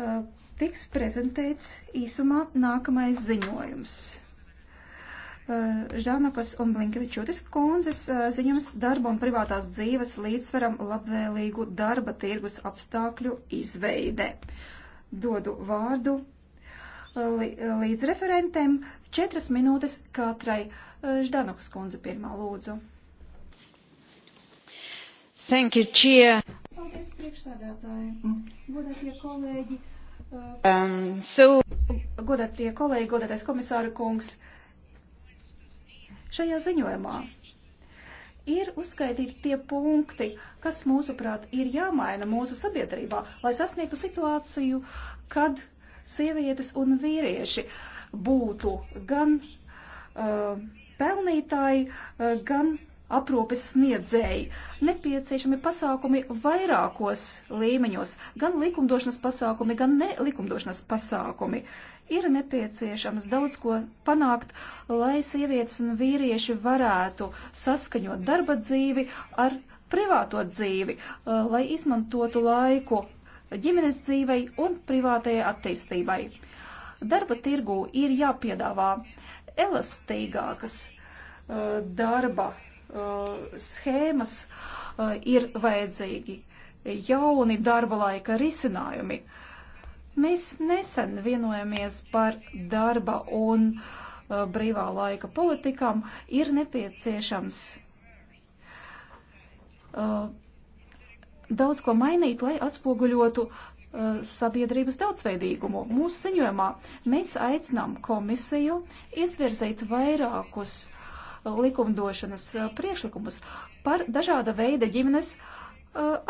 Eh, tiks prezentēts īsumā nākamais ziņojums. Eh, Žanakas un Blinkevičūtis kundzes eh, ziņums darba un privātās dzīves līdzsveram labvēlīgu darba tirgus apstākļu izveide. Dodu vārdu līdz referentiem četras minūtes katrai. Ždanokas kundze pirmā lūdzu. Thank you, Chia. Paldies, priekšsādātāji. Godātie kolēģi. Uh, um, so... Godātie kolēģi, godātais komisāra kungs. Šajā ziņojumā ir uzskaitīti tie punkti, kas, mūsuprāt, ir jāmaina mūsu sabiedrībā, lai sasniegtu situāciju, kad sievietes un vīrieši būtu gan uh, pelnītāji, uh, gan aprūpes sniedzēji. Nepieciešami pasākumi vairākos līmeņos, gan likumdošanas pasākumi, gan nelikumdošanas pasākumi. Ir nepieciešams daudz ko panākt, lai sievietes un vīrieši varētu saskaņot darba dzīvi ar privāto dzīvi, eh, lai izmantotu laiku ģimenes dzīvei un privātajai attīstībai. Darba tirgū ir jāpiedāvā elastīgākas eh, darba Uh, schēmas uh, ir vajadzīgi jauni darba laika risinājumi. Mēs nesen vienojamies par darba un uh, brīvā laika politikām. Ir nepieciešams daudz ko mainīt, lai atspoguļotu sabiedrības daudzveidīgumu. Mūsu ziņojumā mēs aicinām komisiju izvirzīt vairākus uh, likumdošanas eh, priekšlikumus par dažāda veida ģimenes eh,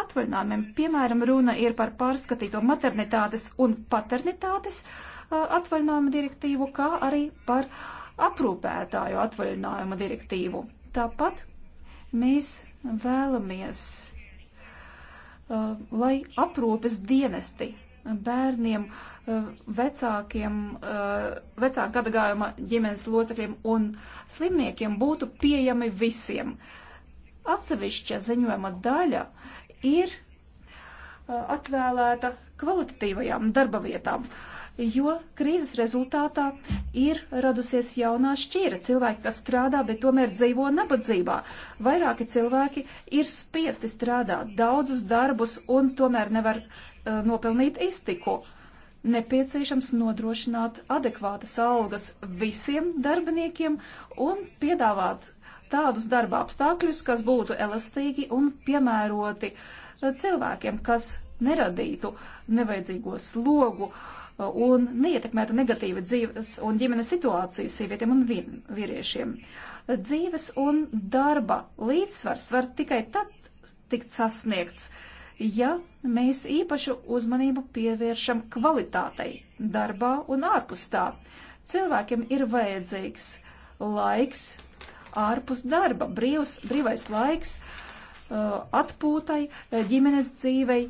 atvaļinājumiem. Piemēram, runa ir par pārskatīto maternitātes un paternitātes eh, atvaļinājuma direktīvu, kā arī par aprūpētāju atvaļinājuma direktīvu. Tāpat mēs vēlamies, lai aprūpes dienesti bērniem uh, Eh, vecākiem, eh, vecāka gadagājuma ģimenes locekļiem un slimniekiem būtu pieejami visiem. Atsevišķa ziņojuma daļa ir eh, atvēlēta kvalitatīvajām darba vietām, jo krīzes rezultātā ir radusies jaunā šķīra. Cilvēki, kas strādā, bet tomēr dzīvo nabadzībā. Vairāki cilvēki ir spiesti strādāt daudzus darbus un tomēr nevar uh, nopelnīt iztiku. Uh, nepieciešams nodrošināt adekvātas algas visiem darbiniekiem un piedāvāt tādus darba apstākļus, kas būtu elastīgi un piemēroti eh, cilvēkiem, kas neradītu nevajadzīgo slogu eh, un neietekmētu negatīvi dzīves un ģimenes situāciju sievietēm un vīriešiem. Dzīves un darba līdzsvars var tikai tad tikt sasniegts, uh, ja mēs īpašu uzmanību pievēršam kvalitātei darbā un ārpus tā. Cilvēkiem ir vajadzīgs laiks ārpus darba, brīvs, brīvais laiks uh, atpūtai, uh, ģimenes dzīvei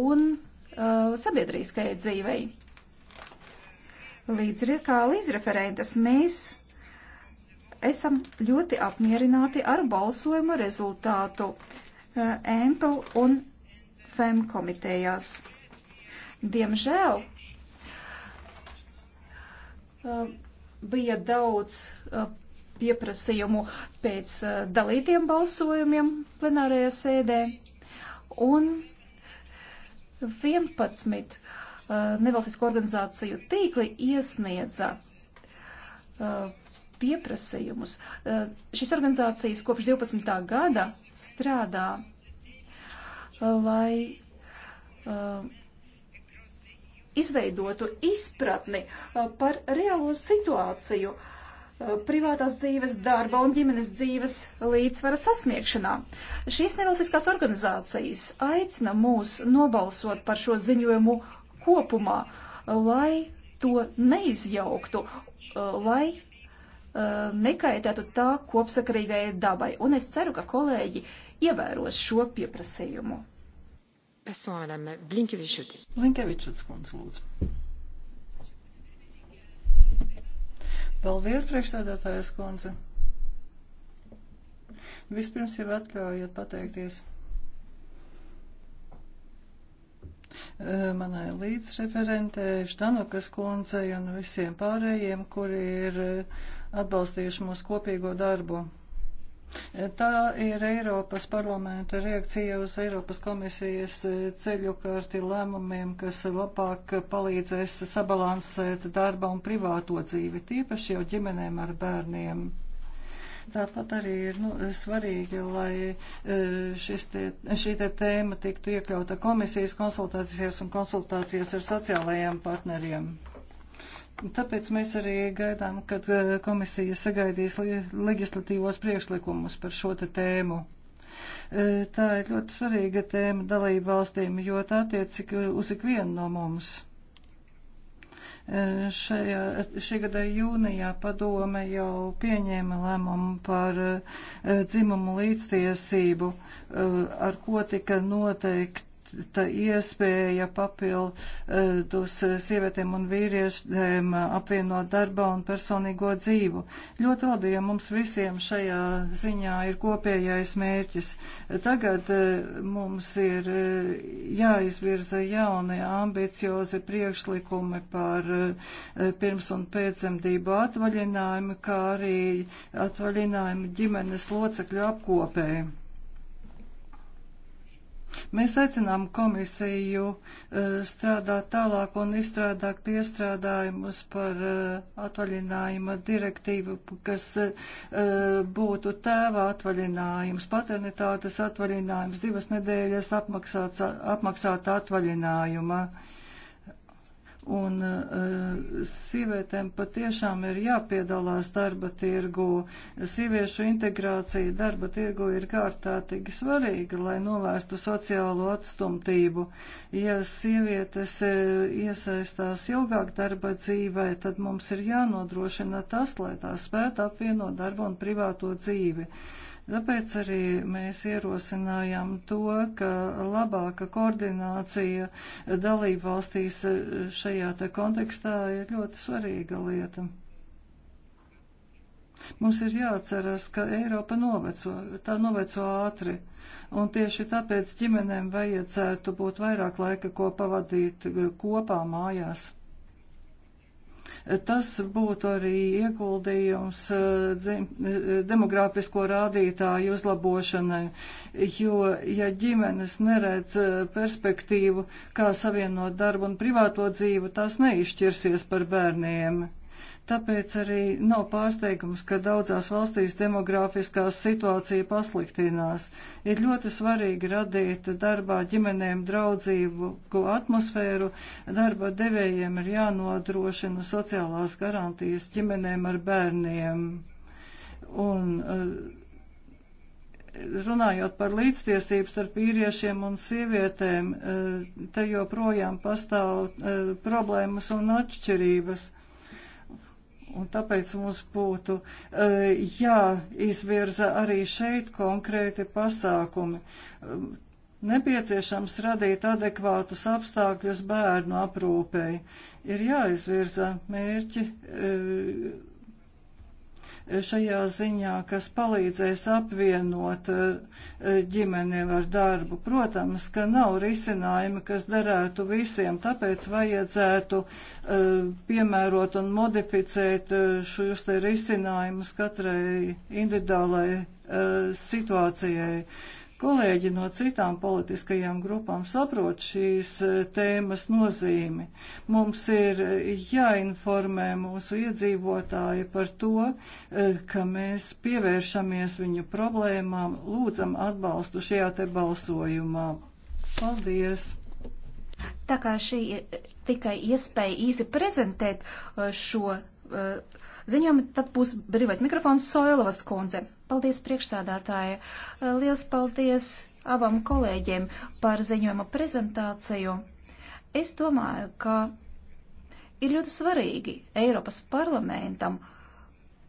un uh, sabiedriskajai dzīvei. Līdz, kā līdzreferentes mēs esam ļoti apmierināti ar balsojuma rezultātu. Empel un FEM komitejās. Diemžēl uh, bija daudz uh, pieprasījumu pēc uh, dalītiem balsojumiem plenārajā sēdē, un 11 nevalstisko organizāciju tīkli iesniedza pieprasījumus. Šis organizācijas kopš 12. gada strādā lai uh, izveidotu izpratni uh, par reālo situāciju uh, privātās dzīves, darba un ģimenes dzīves līdzsvara sasniegšanā. Šīs nevalstiskās organizācijas aicina mūs nobalsot par šo ziņojumu kopumā, lai to neizjauktu, uh, lai uh, nekaitētu tā kopsakarīgajai dabai. Un es ceru, ka kolēģi ievēros šo pieprasījumu. Passons à Madame Blinkevichute. Blinkevichutes kundze, lūdzu. Paldies, priekšsēdētājas kundze. Vispirms jau atļaujiet pateikties e, manai līdzreferentē Štanukas kundzei un visiem pārējiem, kuri ir e, atbalstījuši mūsu kopīgo darbu. Tā ir Eiropas parlamenta reakcija uz Eiropas komisijas e, ceļu karti lēmumiem, kas labāk palīdzēs sabalansēt darba un privāto dzīvi, tīpaši jau ģimenēm ar bērniem. Tāpat arī ir nu, svarīgi, lai e, te, šī te tēma tiktu iekļauta komisijas konsultācijās un konsultācijās ar sociālajiem partneriem. Tāpēc mēs arī gaidām, kad eh, komisija sagaidīs legislatīvos priekšlikumus par šo te tēmu. Eh, tā ir ļoti svarīga tēma dalību valstīm, jo tā attiec uz ikvienu no mums. Eh, šajā, šī gada jūnijā padome jau pieņēma lēmumu par dzimumu līdztiesību, ar ko tika noteikti dota iespēja papildus sievietēm un vīriešiem apvienot darba un personīgo dzīvu. Ļoti labi, ja mums visiem šajā ziņā ir kopējais mērķis. Tagad e, mums ir e, jāizvirza jauni ambiciozi priekšlikumi par e, pirms un pēcdzemdību atvaļinājumu, kā arī atvaļinājumu ģimenes locekļu apkopēju. Mēs aicinām komisiju eh, strādāt tālāk un izstrādāt piestrādājumus par eh, atvaļinājuma direktīvu, kas eh, būtu tēva atvaļinājums, paternitātes atvaļinājums, divas nedēļas apmaksāta atvaļinājuma un uh, sievietēm patiešām ir jāpiedalās darba tirgu. Sieviešu integrācija darba tirgu ir kārtātīgi svarīga, lai novērstu sociālo atstumtību. Ja sievietes uh, iesaistās ilgāk darba dzīvē, tad mums ir jānodrošina tas, lai tās spētu apvienot darbu un privāto dzīvi. Uh, Tāpēc arī mēs ierosinājām to, ka labāka koordinācija dalību valstīs šajā te kontekstā ir ļoti svarīga lieta. Mums ir jāatceras, ka Eiropa noveco, tā noveco ātri, un tieši tāpēc ģimenēm vajadzētu būt vairāk laika, ko pavadīt kopā mājās. Tas būtu arī ieguldījums uh, uh, demografisko rādītāju uzlabošanai, jo ja ģimenes neredz uh, perspektīvu, kā savienot darbu un privāto dzīvi, tās neizšķirsies par bērniem. Tāpēc arī nav pārsteigums, ka daudzās valstīs demografiskā situācija pasliktinās. Ir ļoti svarīgi radīt darbā ģimenēm draudzīgu atmosfēru. Darba devējiem ir jānodrošina sociālās garantijas ģimenēm ar bērniem. Un, uh, runājot par līdztiesību starp vīriešiem un sievietēm, eh, te joprojām pastāv eh, problēmas un atšķirības. Un tāpēc mums būtu eh, jāizvirza arī šeit konkrēti pasākumi. Ehm, nepieciešams radīt adekvātus apstākļus bērnu aprūpēji. Ir jāizvirza mērķi eh, šajā ziņā, kas palīdzēs apvienot eh, ģimeni ar darbu. Protams, ka nav risinājumi, kas derētu visiem, tāpēc vajadzētu eh, piemērot un modificēt eh, šos te risinājumus katrai individuālai situācijai. Kolēģi no citām politiskajām grupām saprot šīs eh, tēmas nozīmi. Mums ir eh, jāinformē mūsu iedzīvotāji par to, eh, ka mēs pievēršamies viņu problēmām, lūdzam atbalstu šajā te balsojumā. Paldies! Tā kā šī ir tikai iespēja īsi prezentēt šo ziņojumu, tad būs brīvais mikrofons Soilovas kundze. Paldies priekšsēdētāji. Liels paldies abam kolēģiem par ziņojuma prezentāciju. Es domāju, ka ir ļoti svarīgi Eiropas parlamentam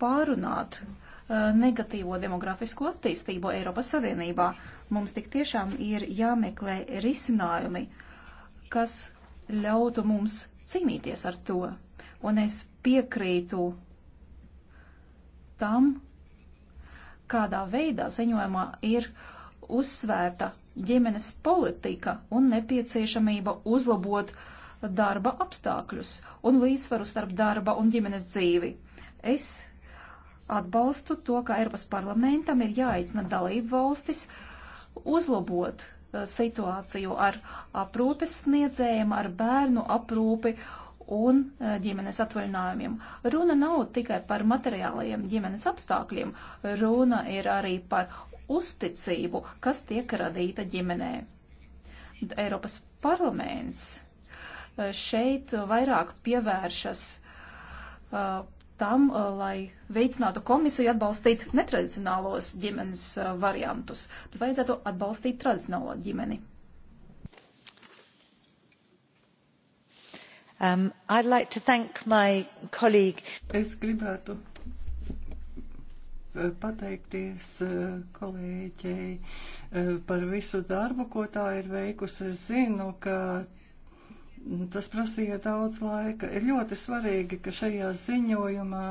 pārunāt uh, negatīvo demografisko attīstību Eiropas Savienībā. Mums tik tiešām ir jāmeklē risinājumi, kas ļautu mums cīnīties ar to. Un es piekrītu tam, kādā veidā ziņojumā ir uzsvērta ģimenes politika un nepieciešamība uzlabot darba apstākļus un līdzsvaru starp darba un ģimenes dzīvi. Es atbalstu to, ka Eiropas parlamentam ir jāicina dalību valstis uzlabot eh, situāciju ar aprūpes sniedzējiem, ar bērnu aprūpi un e, ģimenes atvaļinājumiem. Runa nav tikai par materiālajiem ģimenes apstākļiem, runa ir arī par uzticību, kas tiek radīta ģimenē. Eiropas parlaments e, šeit vairāk pievēršas uh, tam, lai veicinātu komisiju atbalstīt netradicionālos ģimenes variantus, bet vajadzētu atbalstīt tradicionālo ģimeni. Um, I'd like to thank my colleague. Es gribētu uh, pateikties uh, kolēģei uh, par visu darbu, ko tā ir veikusi. Es zinu, ka Tas prasīja daudz laika. Ir ļoti svarīgi, ka šajā ziņojumā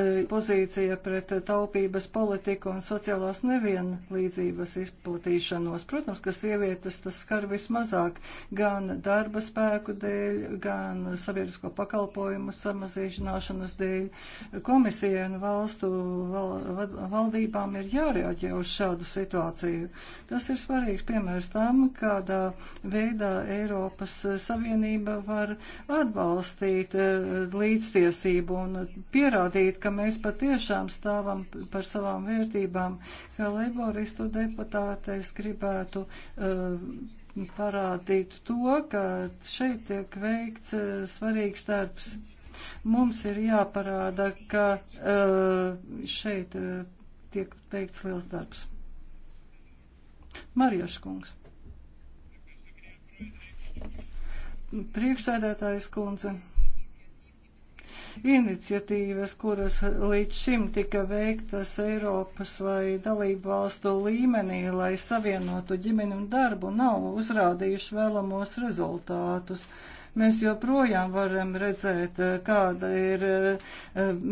e, pozīcija pret taupības politiku un sociālās nevienlīdzības izplatīšanos. Protams, ka sievietes tas skar vismazāk gan darba spēku dēļ, gan sabiedrisko pakalpojumu samazīšanāšanas dēļ. Komisija un valstu valdībām ir jārēģē uz šādu situāciju. Tas ir svarīgs piemērs tam, kādā veidā Eiropas Savienība Savienība var atbalstīt eh, līdztiesību un pierādīt, ka mēs patiešām stāvam par savām vērtībām. Kā leiboristu deputāte es gribētu eh, parādīt to, ka šeit tiek veikts eh, svarīgs darbs. Mums ir jāparāda, ka šeit tiek veikts liels darbs. Marijaškungs. Priekšsēdētājs kundze iniciatīvas, kuras līdz šim tika veiktas Eiropas vai dalību valstu līmenī, lai savienotu ģimeni un darbu, nav uzrādījuši vēlamos rezultātus. Mēs joprojām varam redzēt, eh, kāda ir eh,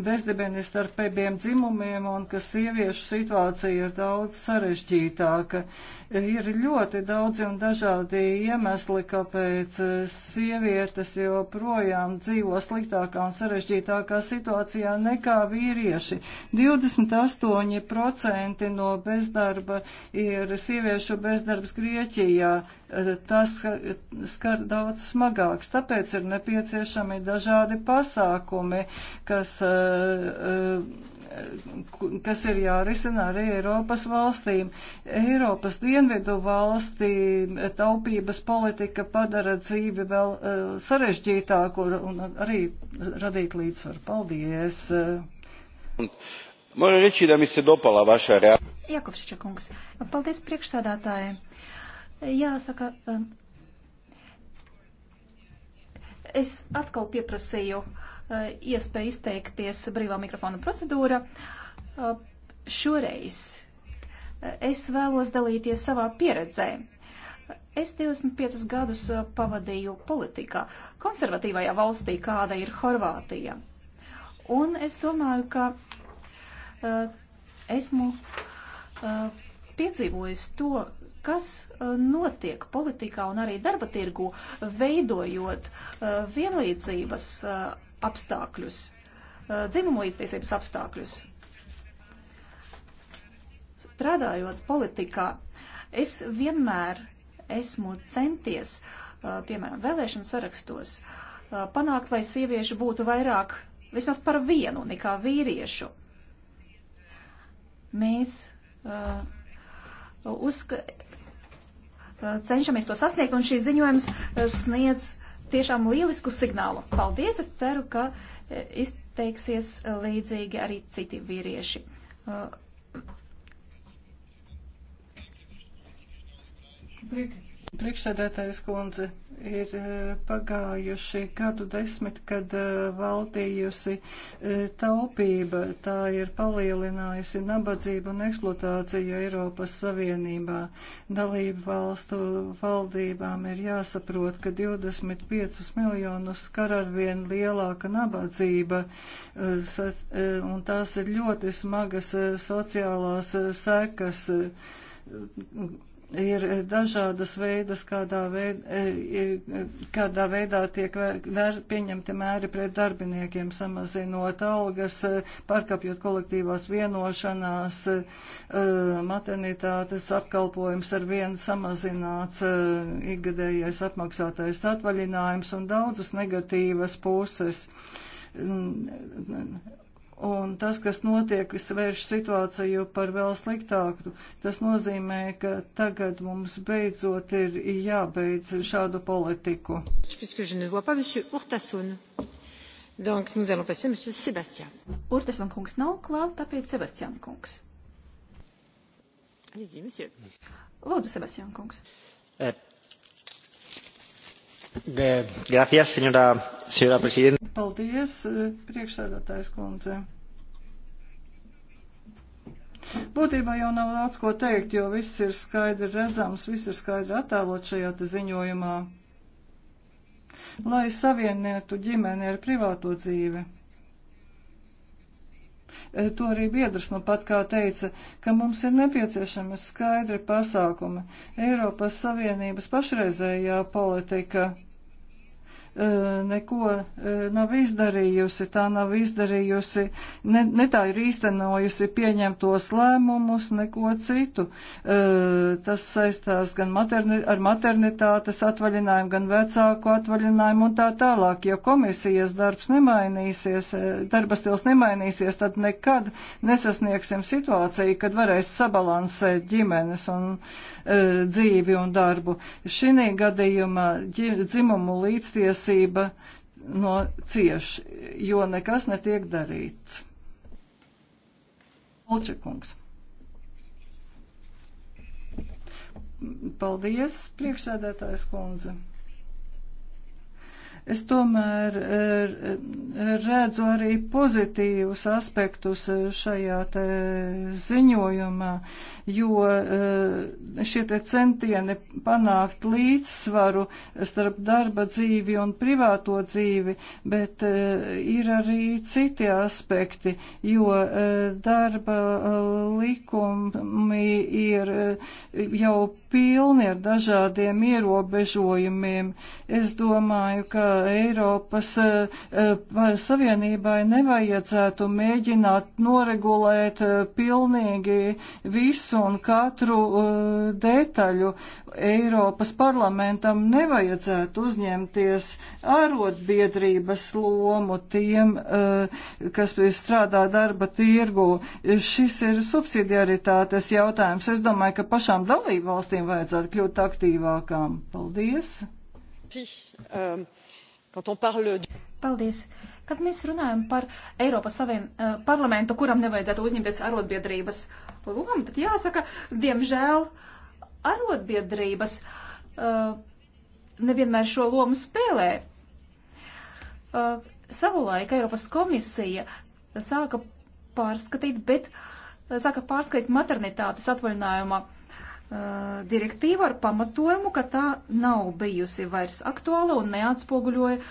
bezdibeni starp abiem dzimumiem un ka sieviešu situācija ir daudz sarežģītāka. Ir ļoti daudzi un dažādi iemesli, kāpēc eh, sievietes joprojām dzīvo sliktākā un sarežģītākā situācijā nekā vīrieši. 28% no bezdarba ir sieviešu bezdarbs Grieķijā. Eh, tas eh, skar daudz smagāks. Tāpēc ir nepieciešami dažādi pasākumi, kas, eh, kas ir jārisina arī Eiropas valstīm. Eiropas dienvidu valstī taupības politika padara dzīvi vēl sarežģītāku un arī radīt līdzsvaru. Paldies! Moram reći da mi se dopala vaša reakcija. Jakovčića kungs, paldies priekšsādātāji. Uh, Jāsaka, um, es atkal pieprasīju uh, iespēju izteikties brīvā mikrofona procedūra. Uh, šoreiz uh, es vēlos dalīties savā pieredzē. Es 25 gadus pavadīju politikā, konservatīvajā valstī, kāda ir Horvātija. Un es domāju, ka uh, esmu uh, piedzīvojis to, kas uh, notiek politikā un arī darba tirgu, veidojot uh, vienlīdzības uh, apstākļus, dzimumu līdztiesības apstākļus. Strādājot politikā, es vienmēr esmu centies, piemēram, vēlēšanu sarakstos, panākt, lai sieviešu būtu vairāk, vismaz par vienu nekā vīriešu. Mēs uh, uzska, cenšamies to sasniegt, un šīs ziņojums eh, sniedz tiešām lielisku signālu. Paldies! Es ceru, ka eh, izteiksies eh, līdzīgi arī citi vīrieši. Priekšsēdētājs kundze, Ir eh, pagājuši gadu desmit, kad eh, valdījusi eh, taupība, tā ir palielinājusi nabadzību un eksploatāciju Eiropas Savienībā. Dalību valstu valdībām ir jāsaprot, ka 25 miljonus skar arvien lielāka nabadzība, un tās ir ļoti smagas sociālās sekas ir dažādas veidas, kādā veidā, e, e, kādā veidā tiek vēr, pieņemti mēri pret darbiniekiem, samazinot algas, e, pārkāpjot kolektīvās vienošanās, maternitātes apkalpojums ar vienu samazināts ikgadējais apmaksātais atvaļinājums un daudzas negatīvas puses Un tas, kas notiek, svērš situāciju par vēl sliktāku. Tas nozīmē, ka tagad mums beidzot ir jābeidz šādu politiku. Donc, nous allons passer, Monsieur Sébastien. Urtasun kungs nav klāt, tāpēc Sebastian kungs. Allez-y, Monsieur. Lūdzu, Sebastian kungs. Eh, de, gracias, señora, señora presidenta. Paldies, eh, priekšsēdētājs kundze. Būtībā jau nav daudz ko teikt, jo viss ir skaidri redzams, viss ir skaidri attēlot šajā ziņojumā. Lai savienētu ģimeni ar privāto dzīvi. Eh, to arī biedrs nu pat kā teica, ka mums ir nepieciešami skaidri pasākumi. Eiropas Savienības pašreizējā politika E, neko e, nav izdarījusi, tā nav izdarījusi, ne, ne tā ir īstenojusi pieņemtos lēmumus, neko citu. E, tas saistās gan materni, ar maternitātes atvaļinājumu, gan vecāku atvaļinājumu un tā tālāk. Ja komisijas darbs nemainīsies, darba stils nemainīsies, tad nekad nesasniegsim situāciju, kad varēs sabalansēt ģimenes un dzīvi un darbu. Šī gadījumā dzimumu līdzties rūpniecība no cieš, jo nekas netiek darīts. Olčekungs. Paldies, priekšsēdētājs kundze. Es tomēr eh, redzu arī pozitīvus aspektus eh, šajā te ziņojumā, jo eh, šie te centieni panākt līdzsvaru starp darba dzīvi un privāto dzīvi, bet ir arī citi aspekti, jo darba likumi ir jau pilni ar dažādiem ierobežojumiem. Es domāju, ka Eiropas eh, eh, Savienībai nevajadzētu mēģināt noregulēt eh, pilnīgi visu un katru detaļu. Eiropas parlamentam nevajadzētu uzņemties arotbiedrības lomu tiem, kas strādā darba tirgu. Šis ir subsidiaritātes jautājums. Es domāju, ka pašām dalībvalstīm vajadzētu kļūt aktīvākām. Paldies! Paldies! Paldies! Kad mēs runājam par Eiropas saviem uh, parlamentu, kuram nevajadzētu uzņemties arotbiedrības lomu, tad jāsaka, diemžēl arotbiedrības uh, nevienmēr šo lomu spēlē. Uh, savulaik Eiropas komisija sāka pārskatīt, bet sāka pārskatīt maternitātes atvaļinājuma uh, direktīva ar pamatojumu, ka tā nav bijusi vairs aktuāla un neatspoguļoja eh,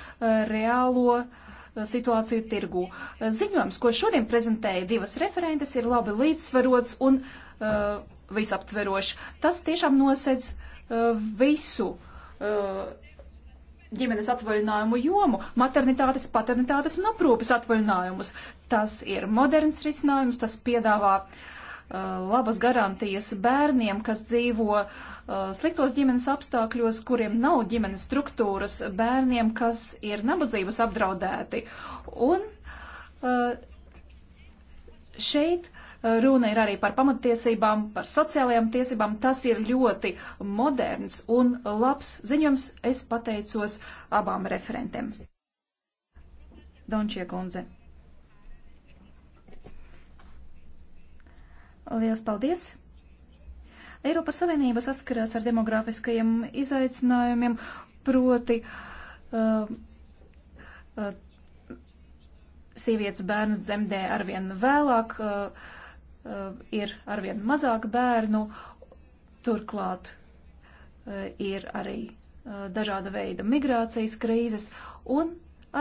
reālo eh, situāciju tirgū. Eh, ziņojums, ko šodien prezentēja divas referentes, ir labi līdzsvarots un uh, visaptverošs. Tas tiešām nosedz uh, visu uh, ģimenes atvaļinājumu jomu, maternitātes, paternitātes un aprūpes atvaļinājumus. Tas ir moderns risinājums, tas piedāvā uh, Uh, labas garantijas bērniem, kas dzīvo uh, sliktos ģimenes apstākļos, kuriem nav ģimenes struktūras, bērniem, kas ir nabadzības apdraudēti. Un uh, šeit runa ir arī par pamatiesībām, par sociālajām tiesībām. Tas ir ļoti moderns un labs ziņojums. Es pateicos abām referentēm. Dončie kundze. Lielas paldies! Eiropas Savienība saskarās ar demografiskajiem izaicinājumiem, proti uh, uh, sievietes bērnu dzemdē arvien vēlāk, uh, uh, ir arvien mazāk bērnu, turklāt uh, ir arī uh, dažāda veida migrācijas krīzes un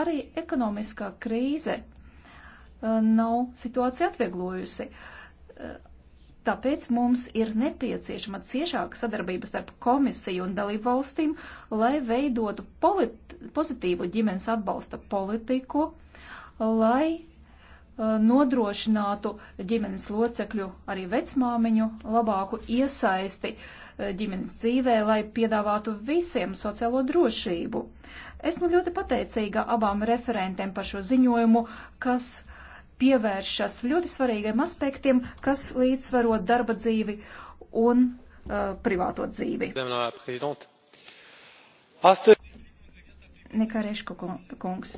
arī ekonomiskā krīze uh, nav situāciju atvieglojusi. Uh, Tāpēc mums ir nepieciešama ciešāka sadarbība starp komisiju un dalību valstīm, lai veidotu pozitīvu ģimenes atbalsta politiku, lai uh, nodrošinātu ģimenes locekļu, arī vecmāmiņu, labāku iesaisti uh, ģimenes dzīvē, lai piedāvātu visiem sociālo drošību. Esmu ļoti pateicīga abām referentiem par šo ziņojumu, kas uh, pievēršas ļoti svarīgiem aspektiem, kas līdzsvaro darba dzīvi un uh, privāto dzīvi. Nekarēško kungs.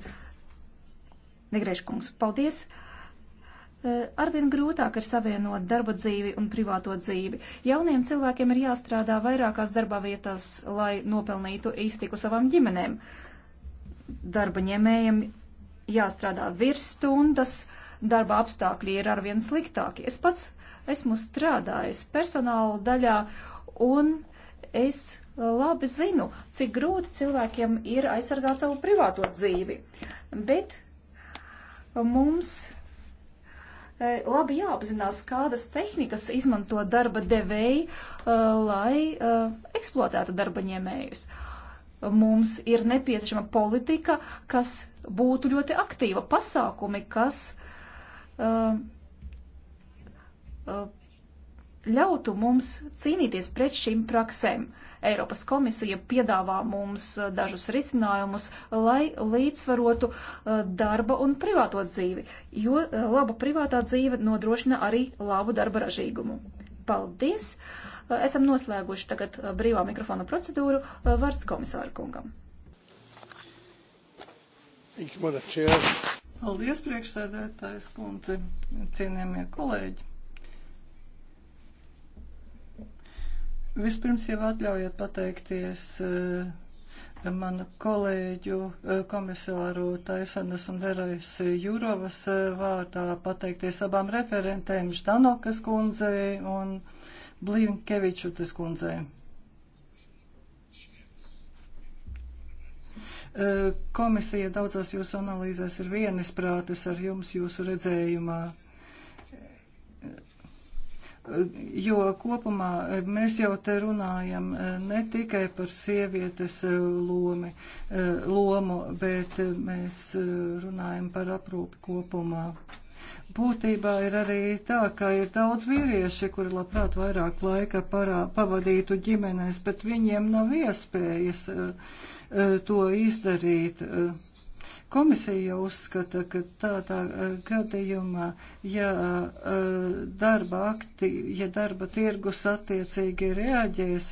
Negrēško kungs, paldies. Uh, arvien grūtāk ir savienot darba dzīvi un privāto dzīvi. Jauniem cilvēkiem ir jāstrādā vairākās darba vietās, lai nopelnītu iztiku savām ģimenēm. Darba ņēmējiem jāstrādā virsstundas, uh, darba apstākļi ir arvien sliktāki. Es pats esmu strādājis personāla daļā un es labi zinu, cik grūti cilvēkiem ir aizsargāt savu privāto dzīvi. Bet mums e, labi jāapzinās, kādas tehnikas izmanto darba devēji, e, lai e, eksploatētu darba ņēmējus. Mums ir nepieciešama politika, kas būtu ļoti aktīva, pasākumi, kas ļautu mums cīnīties pret šīm praksēm. Eiropas komisija piedāvā mums dažus risinājumus, lai līdzsvarotu darba un privāto dzīvi, jo laba privātā dzīve nodrošina arī labu darba ražīgumu. Paldies! Esam noslēguši tagad brīvā mikrofona procedūru. Vārds komisāru kungam. Thank you, Paldies, priekšsēdētājs kundze, cienījamie kolēģi. Vispirms jau atļaujiet pateikties eh, manu kolēģu eh, komisāru Taisanas un Verais Jūrovas eh, vārdā, pateikties abām referentēm Štanokas kundzei un Blīnkevičutas kundzei. Komisija daudzās jūsu analīzēs ir vienisprātes ar jums jūsu redzējumā jo kopumā mēs jau te runājam ne tikai par sievietes lomi, lomu, bet mēs runājam par aprūpi kopumā. Būtībā ir arī tā, ka ir daudz vīrieši, kuri labprāt vairāk laika parā, pavadītu ģimenēs, bet viņiem nav iespējas uh, uh, to izdarīt. Uh, Komisija uzskata, ka tādā gadījumā, ja darba, akti, ja darba tirgus attiecīgi reaģēs,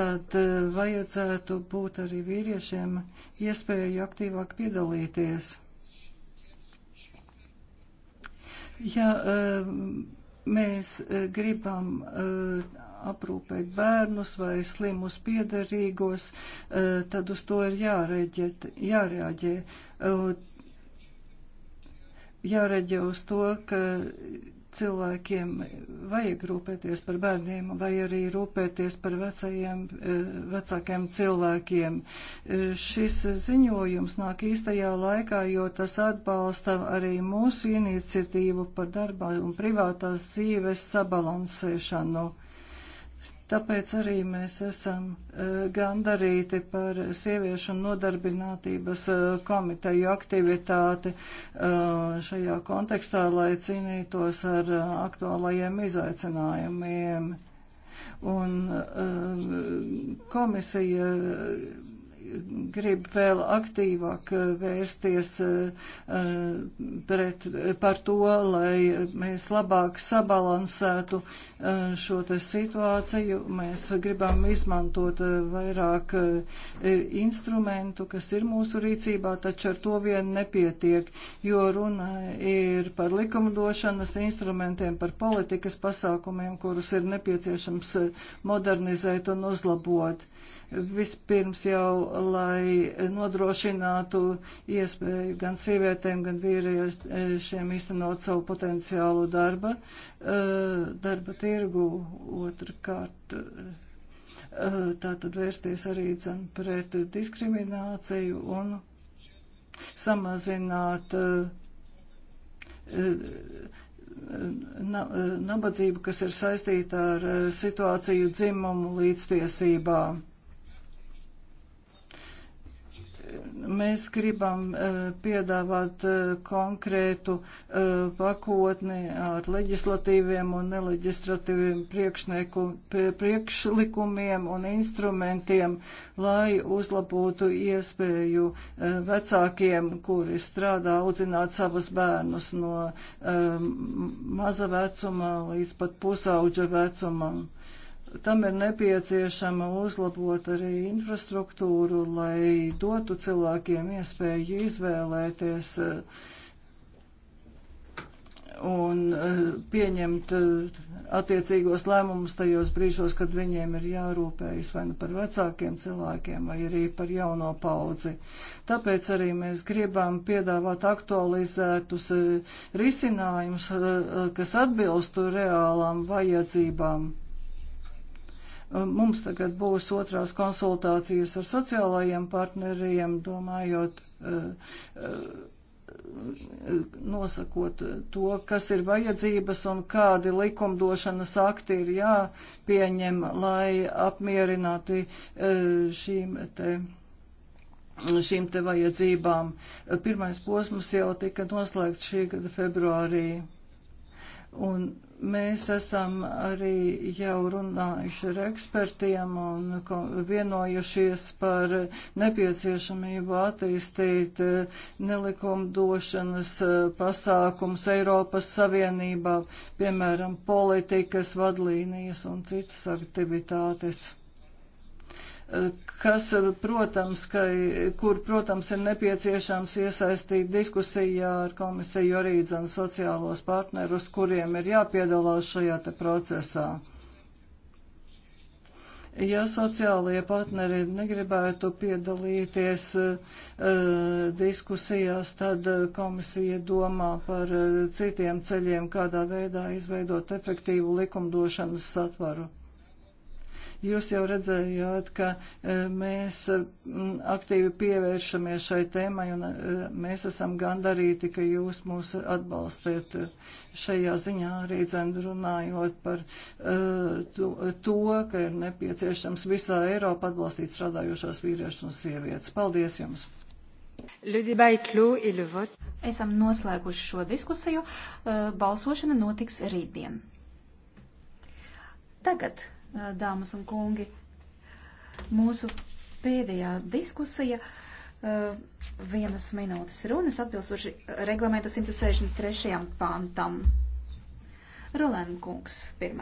tad vajadzētu būt arī vīriešiem iespēju aktīvāk piedalīties. Ja eh, mēs eh, gribam eh, aprūpēt bērnus vai slimus piedarīgos, tad uz to ir jāreģē, jāreaģē. Jāreģē uz to, ka cilvēkiem vajag rūpēties par bērniem vai arī rūpēties par vecajiem, eh, vecākiem cilvēkiem. Eh, šis ziņojums nāk īstajā laikā, jo tas atbalsta arī mūsu iniciatīvu par darba un privātās dzīves sabalansēšanu. Tāpēc arī mēs esam e, gandarīti par sieviešu nodarbinātības e, komiteju aktivitāti e, šajā kontekstā, lai cīnītos ar aktuālajiem izaicinājumiem. Un komisija grib vēl aktīvāk eh, vērsties eh, eh, pret, par to, lai mēs labāk sabalansētu šo te situāciju. Mēs gribam izmantot vairāk instrumentu, kas ir mūsu rīcībā, taču ar to vien nepietiek, jo runa ir par likumdošanas instrumentiem, par politikas pasākumiem, kurus ir nepieciešams modernizēt un uzlabot. Vispirms jau, lai nodrošinātu iespēju gan sievietēm, gan vīriešiem iztenot savu potenciālu darba, eh, darba tirgu. Otrakārt, eh, tā tad vērsties arī dzen pret diskrimināciju un samazināt eh, nabadzību, kas ir saistīta ar situāciju dzimumu līdztiesībā. Mēs gribam eh, piedāvāt eh, konkrētu eh, pakotni ar leģislatīviem un neleģislatīviem priekšlikumiem un instrumentiem, lai uzlabotu iespēju vecākiem, kuri strādā audzināt savus bērnus no maza vecuma līdz pat pusauģa vecumam. Tam ir nepieciešama uzlabot arī infrastruktūru, lai dotu cilvēkiem iespēju izvēlēties eh, un eh, pieņemt eh, attiecīgos lēmumus tajos brīžos, kad viņiem ir jārūpējas vai nu par vecākiem cilvēkiem, vai arī par jauno paudzi. Tāpēc arī mēs gribam piedāvāt aktualizētus risinājumus, kas atbilstu reālām vajadzībām Mums tagad būs otrās konsultācijas ar sociālajiem partneriem, domājot eh, eh, nosakot to, kas ir vajadzības un kādi likumdošanas akti ir jāpieņem, lai apmierinātu eh, šīm te. Šīm te vajadzībām. Pirmais posms jau tika noslēgts šī gada februārī. Un Mēs esam arī jau runājuši ar ekspertiem un vienojušies par nepieciešamību attīstīt eh, nelikumdošanas eh, pasākums Eiropas Savienībā, piemēram, politikas vadlīnijas un citas aktivitātes kas, protams, ka, kur, protams, ir nepieciešams iesaistīt diskusijā ar komisiju arī dzan sociālos partnerus, kuriem ir jāpiedalās šajā te procesā. Ja sociālie partneri negribētu piedalīties uh, diskusijās, tad komisija domā par eh, citiem ceļiem, kādā veidā izveidot efektīvu likumdošanas satvaru. Jūs jau redzējāt, ka e, mēs e, aktīvi pievēršamies šai tēmai un e, mēs esam gandarīti, ka jūs mūs atbalstiet šajā ziņā arī dzendu runājot par to, ka ir nepieciešams visā Eiropā atbalstīt strādājošās vīriešus un sievietes. Paldies jums! Esam noslēguši šo diskusiju. Balsošana notiks rītdien. Tagad Eh, dāmas un kungi. Mūsu pēdējā diskusija, eh, vienas minūtes runas atbilstoši reglamenta 163. pantam. Rolēna kungs, pirmā.